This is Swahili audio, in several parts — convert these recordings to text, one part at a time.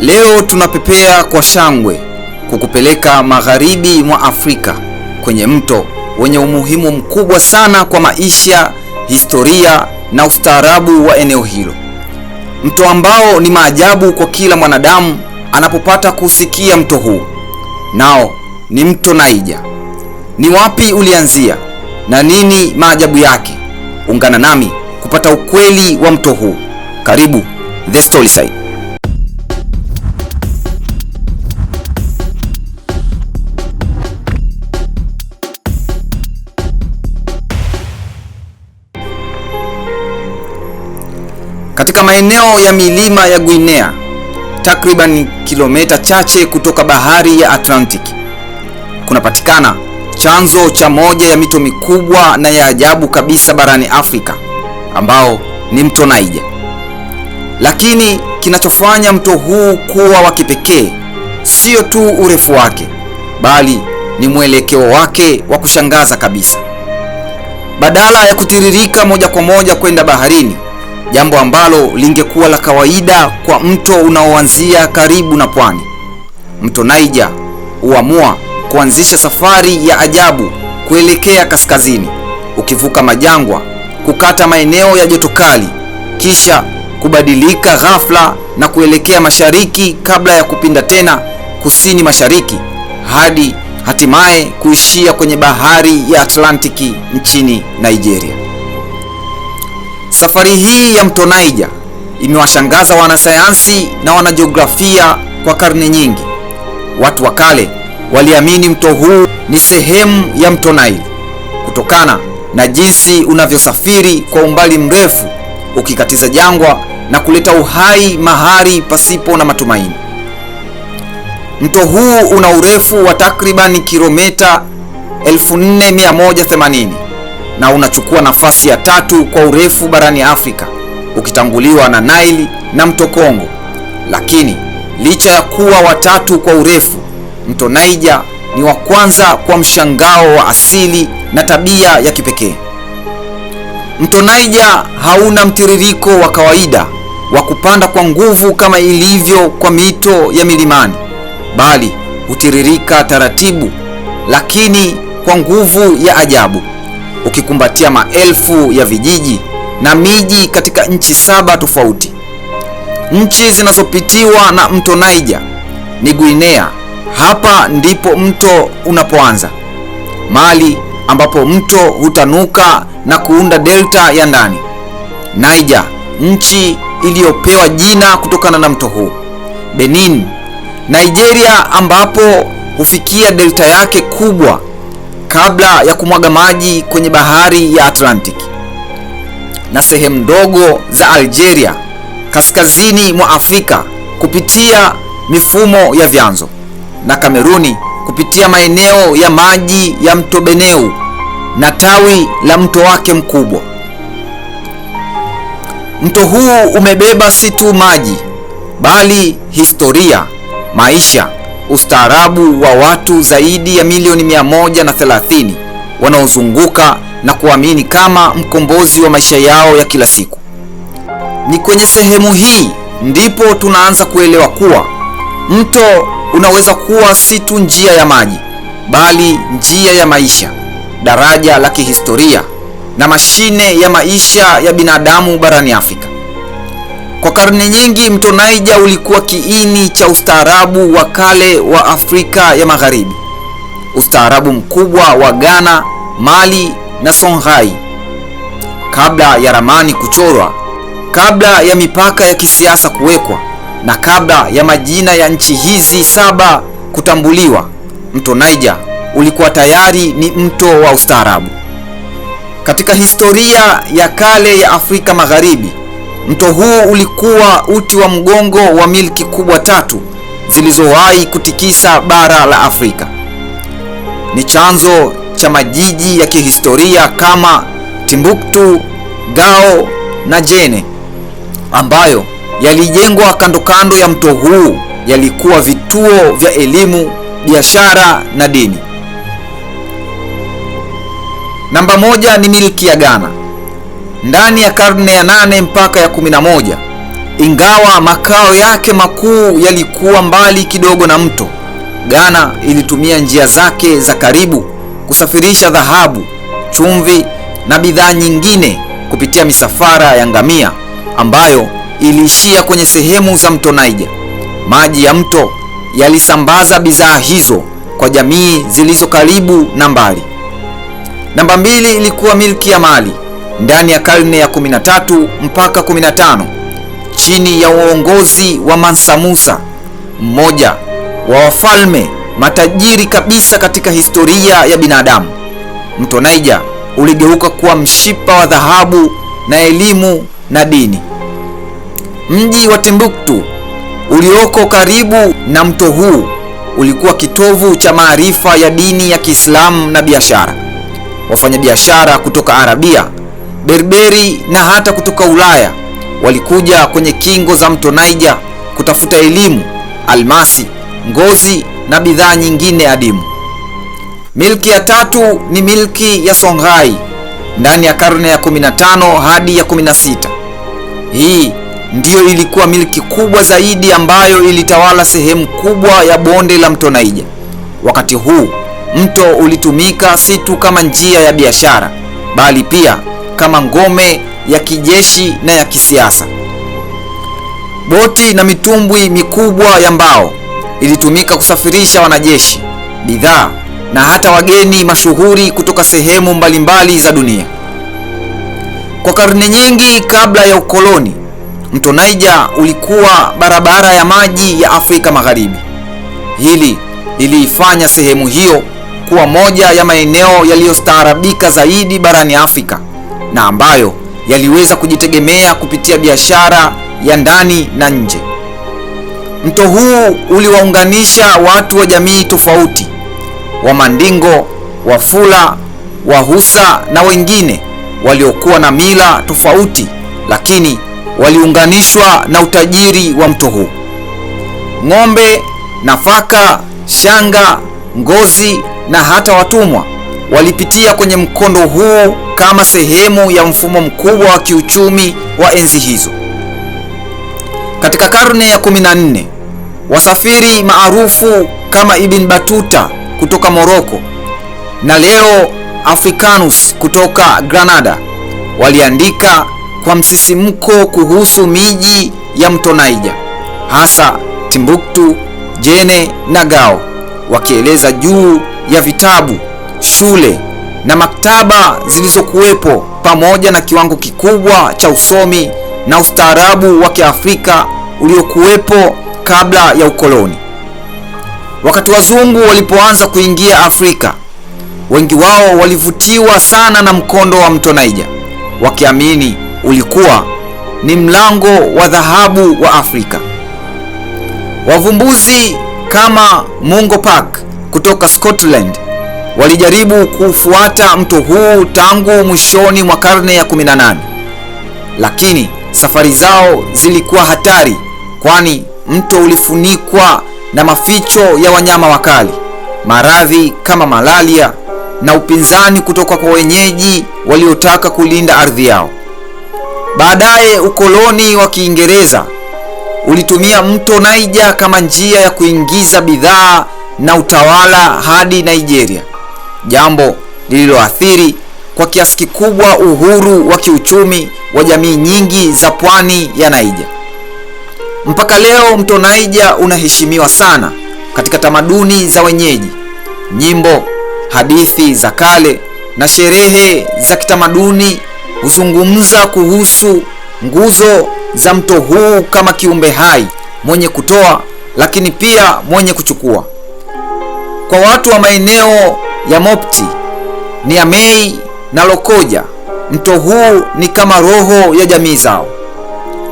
Leo tunapepea kwa shangwe kukupeleka magharibi mwa Afrika kwenye mto wenye umuhimu mkubwa sana kwa maisha, historia na ustaarabu wa eneo hilo. Mto ambao ni maajabu kwa kila mwanadamu anapopata kusikia mto huu. Nao ni mto Naija. Ni wapi ulianzia na nini maajabu yake? Ungana nami kupata ukweli wa mto huu. Karibu The Side. katika maeneo ya milima ya Guinea, takriban kilomita chache kutoka bahari ya Atlantic, kunapatikana chanzo cha moja ya mito mikubwa na ya ajabu kabisa barani Afrika ambao ni mto Niger. Lakini kinachofanya mto huu kuwa wa kipekee sio tu urefu wake, bali ni mwelekeo wake wa kushangaza kabisa. Badala ya kutiririka moja kwa moja kwenda baharini, jambo ambalo lingekuwa la kawaida kwa mto unaoanzia karibu na pwani. Mto Niger huamua kuanzisha safari ya ajabu kuelekea kaskazini, ukivuka majangwa, kukata maeneo ya joto kali, kisha kubadilika ghafla na kuelekea mashariki kabla ya kupinda tena kusini mashariki hadi hatimaye kuishia kwenye bahari ya Atlantiki nchini Nigeria. Safari hii ya mto Niger imewashangaza wanasayansi na wanajiografia kwa karne nyingi. Watu wa kale waliamini mto huu ni sehemu ya mto Nile kutokana na jinsi unavyosafiri kwa umbali mrefu ukikatiza jangwa na kuleta uhai mahali pasipo na matumaini. Mto huu una urefu wa takribani kilomita 4180 na unachukua nafasi ya tatu kwa urefu barani Afrika ukitanguliwa na Naili na mto Kongo. Lakini licha ya kuwa watatu kwa urefu, mto Niger ni wa kwanza kwa mshangao wa asili na tabia ya kipekee. Mto Niger hauna mtiririko wa kawaida wa kupanda kwa nguvu kama ilivyo kwa mito ya milimani, bali hutiririka taratibu, lakini kwa nguvu ya ajabu ukikumbatia maelfu ya vijiji na miji katika nchi saba tofauti. Nchi zinazopitiwa na mto Niger ni Guinea. Hapa ndipo mto unapoanza Mali, ambapo mto hutanuka na kuunda delta ya ndani. Niger, nchi iliyopewa jina kutokana na mto huu. Benin, Nigeria ambapo hufikia delta yake kubwa kabla ya kumwaga maji kwenye bahari ya Atlantic na sehemu ndogo za Algeria kaskazini mwa Afrika kupitia mifumo ya vyanzo na Kameruni kupitia maeneo ya maji ya mto Beneu na tawi la mto wake mkubwa. Mto huu umebeba si tu maji bali historia, maisha ustaarabu wa watu zaidi ya milioni 130 wanaozunguka na kuamini kama mkombozi wa maisha yao ya kila siku. Ni kwenye sehemu hii ndipo tunaanza kuelewa kuwa mto unaweza kuwa si tu njia ya maji, bali njia ya maisha, daraja la kihistoria na mashine ya maisha ya binadamu barani Afrika. Kwa karne nyingi mto Niger ulikuwa kiini cha ustaarabu wa kale wa Afrika ya Magharibi, ustaarabu mkubwa wa Ghana, Mali na Songhai. Kabla ya ramani kuchorwa, kabla ya mipaka ya kisiasa kuwekwa, na kabla ya majina ya nchi hizi saba kutambuliwa, mto Niger ulikuwa tayari ni mto wa ustaarabu. Katika historia ya kale ya Afrika Magharibi Mto huu ulikuwa uti wa mgongo wa milki kubwa tatu zilizowahi kutikisa bara la Afrika. Ni chanzo cha majiji ya kihistoria kama Timbuktu, Gao na Jene ambayo yalijengwa kando kando ya mto huu yalikuwa vituo vya elimu, biashara na dini. Namba moja ni milki ya Ghana ndani ya karne ya nane mpaka ya kumi na moja ingawa makao yake makuu yalikuwa mbali kidogo na mto, Ghana ilitumia njia zake za karibu kusafirisha dhahabu, chumvi na bidhaa nyingine kupitia misafara ya ngamia ambayo iliishia kwenye sehemu za mto naija Maji ya mto yalisambaza bidhaa hizo kwa jamii zilizo karibu na mbali. Namba mbili ilikuwa milki ya mali ndani ya karne ya 13 mpaka 15 chini ya uongozi wa Mansa Musa, mmoja wa wafalme matajiri kabisa katika historia ya binadamu. Mto Niger uligeuka kuwa mshipa wa dhahabu na elimu na dini. Mji wa Timbuktu ulioko karibu na mto huu ulikuwa kitovu cha maarifa ya dini ya Kiislamu na biashara. Wafanyabiashara kutoka Arabia Berberi na hata kutoka Ulaya walikuja kwenye kingo za mto Niger kutafuta elimu, almasi, ngozi na bidhaa nyingine adimu. Milki ya tatu ni milki ya Songhai ndani ya karne ya 15 hadi ya 16. Hii ndiyo ilikuwa milki kubwa zaidi ambayo ilitawala sehemu kubwa ya bonde la mto Naija. Wakati huu mto ulitumika si tu kama njia ya biashara, bali pia kama ngome ya kijeshi na ya kisiasa. Boti na mitumbwi mikubwa ya mbao ilitumika kusafirisha wanajeshi, bidhaa na hata wageni mashuhuri kutoka sehemu mbalimbali za dunia. Kwa karne nyingi kabla ya ukoloni, mto Niger ulikuwa barabara ya maji ya Afrika Magharibi. Hili liliifanya sehemu hiyo kuwa moja ya maeneo yaliyostaarabika zaidi barani Afrika na ambayo yaliweza kujitegemea kupitia biashara ya ndani na nje. Mto huu uliwaunganisha watu wa jamii tofauti, Wamandingo, Wafula, Wahusa na wengine waliokuwa na mila tofauti, lakini waliunganishwa na utajiri wa mto huu. Ng'ombe, nafaka, shanga, ngozi na hata watumwa walipitia kwenye mkondo huu kama sehemu ya mfumo mkubwa wa kiuchumi wa enzi hizo. Katika karne ya 14 wasafiri maarufu kama Ibn Batuta kutoka Moroko na leo Africanus kutoka Granada waliandika kwa msisimko kuhusu miji ya mto Naija, hasa Timbuktu, Jene na Gao, wakieleza juu ya vitabu shule na maktaba zilizokuwepo pamoja na kiwango kikubwa cha usomi na ustaarabu wa Kiafrika uliokuwepo kabla ya ukoloni. Wakati wazungu walipoanza kuingia Afrika, wengi wao walivutiwa sana na mkondo wa mto Naija, wakiamini ulikuwa ni mlango wa dhahabu wa Afrika. Wavumbuzi kama Mungo Park kutoka Scotland walijaribu kufuata mto huu tangu mwishoni mwa karne ya 18, lakini safari zao zilikuwa hatari, kwani mto ulifunikwa na maficho ya wanyama wakali, maradhi kama malaria na upinzani kutoka kwa wenyeji waliotaka kulinda ardhi yao. Baadaye ukoloni wa Kiingereza ulitumia mto Niger kama njia ya kuingiza bidhaa na utawala hadi Nigeria jambo lililoathiri kwa kiasi kikubwa uhuru wa kiuchumi wa jamii nyingi za pwani ya Naija. Mpaka leo mto Naija unaheshimiwa sana katika tamaduni za wenyeji, nyimbo, hadithi za kale na sherehe za kitamaduni huzungumza kuhusu nguzo za mto huu kama kiumbe hai mwenye kutoa lakini pia mwenye kuchukua. Kwa watu wa maeneo ya Mopti ni ya mei na Lokoja. Mto huu ni kama roho ya jamii zao.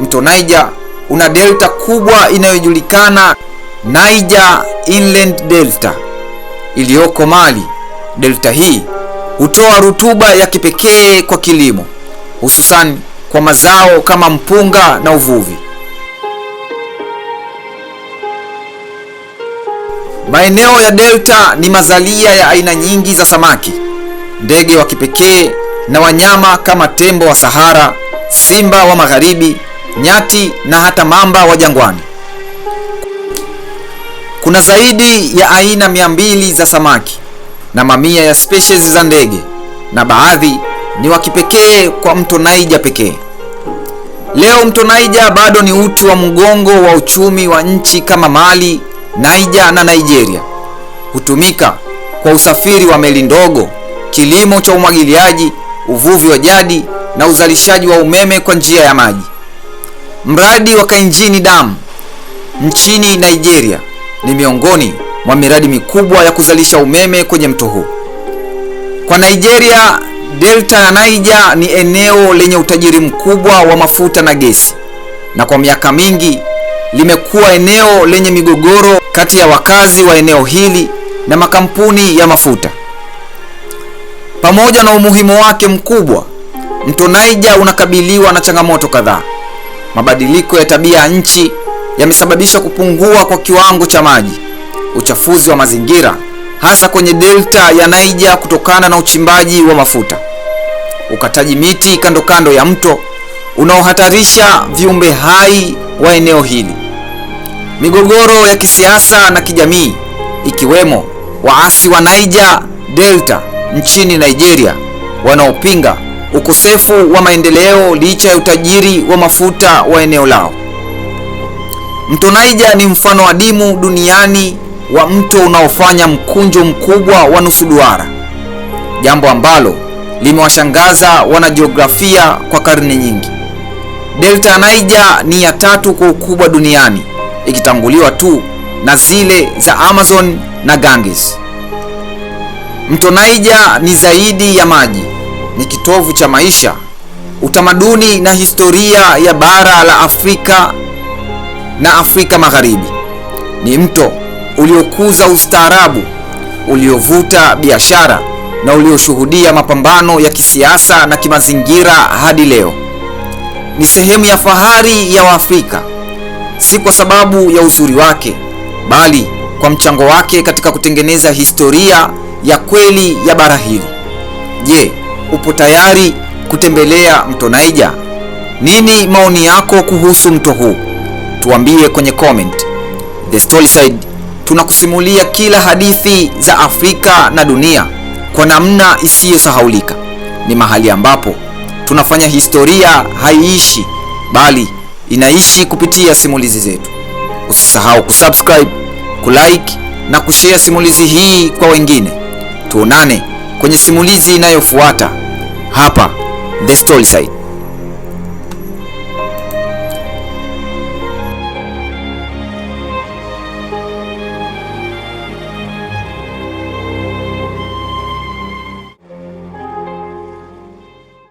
Mto Niger una delta kubwa inayojulikana Niger Inland Delta iliyoko Mali. Delta hii hutoa rutuba ya kipekee kwa kilimo, hususan kwa mazao kama mpunga na uvuvi. Maeneo ya delta ni mazalia ya aina nyingi za samaki, ndege wa kipekee na wanyama kama tembo wa Sahara, simba wa magharibi, nyati na hata mamba wa jangwani. Kuna zaidi ya aina mia mbili za samaki na mamia ya species za ndege na baadhi ni wa kipekee kwa mto Naija pekee. Leo mto Naija bado ni uti wa mgongo wa uchumi wa nchi kama Mali, Niger na Nigeria hutumika kwa usafiri wa meli ndogo, kilimo cha umwagiliaji, uvuvi wa jadi na uzalishaji wa umeme kwa njia ya maji. Mradi wa Kainjini Dam nchini Nigeria ni miongoni mwa miradi mikubwa ya kuzalisha umeme kwenye mto huu. Kwa Nigeria, delta ya Niger ni eneo lenye utajiri mkubwa wa mafuta na gesi, na kwa miaka mingi limekuwa eneo lenye migogoro kati ya wakazi wa eneo hili na makampuni ya mafuta. Pamoja na umuhimu wake mkubwa, mto Niger unakabiliwa na changamoto kadhaa. Mabadiliko ya tabia nchi yamesababisha kupungua kwa kiwango cha maji, uchafuzi wa mazingira, hasa kwenye delta ya Niger kutokana na uchimbaji wa mafuta, ukataji miti kando kando ya mto unaohatarisha viumbe hai wa eneo hili migogoro ya kisiasa na kijamii ikiwemo waasi wa Niger Delta nchini Nigeria wanaopinga ukosefu wa maendeleo licha ya utajiri wa mafuta wa eneo lao. Mto Niger ni mfano adimu duniani wa mto unaofanya mkunjo mkubwa wa nusu duara, jambo ambalo limewashangaza wanajiografia kwa karne nyingi. Delta Niger ni ya tatu kwa ukubwa duniani ikitanguliwa tu na zile za Amazon na Ganges. Mto naija ni zaidi ya maji, ni kitovu cha maisha, utamaduni na historia ya bara la Afrika na Afrika Magharibi. Ni mto uliokuza ustaarabu, uliovuta biashara na ulioshuhudia mapambano ya kisiasa na kimazingira hadi leo. Ni sehemu ya fahari ya Waafrika si kwa sababu ya uzuri wake, bali kwa mchango wake katika kutengeneza historia ya kweli ya bara hili. Je, upo tayari kutembelea mto Niger? Nini maoni yako kuhusu mto huu? Tuambie kwenye comment. The Storyside tunakusimulia kila hadithi za Afrika na dunia kwa namna isiyosahaulika. Ni mahali ambapo tunafanya historia haiishi bali inaishi kupitia simulizi zetu. Usisahau kusubscribe, kulike na kushare simulizi hii kwa wengine. Tuonane kwenye simulizi inayofuata hapa The Storyside.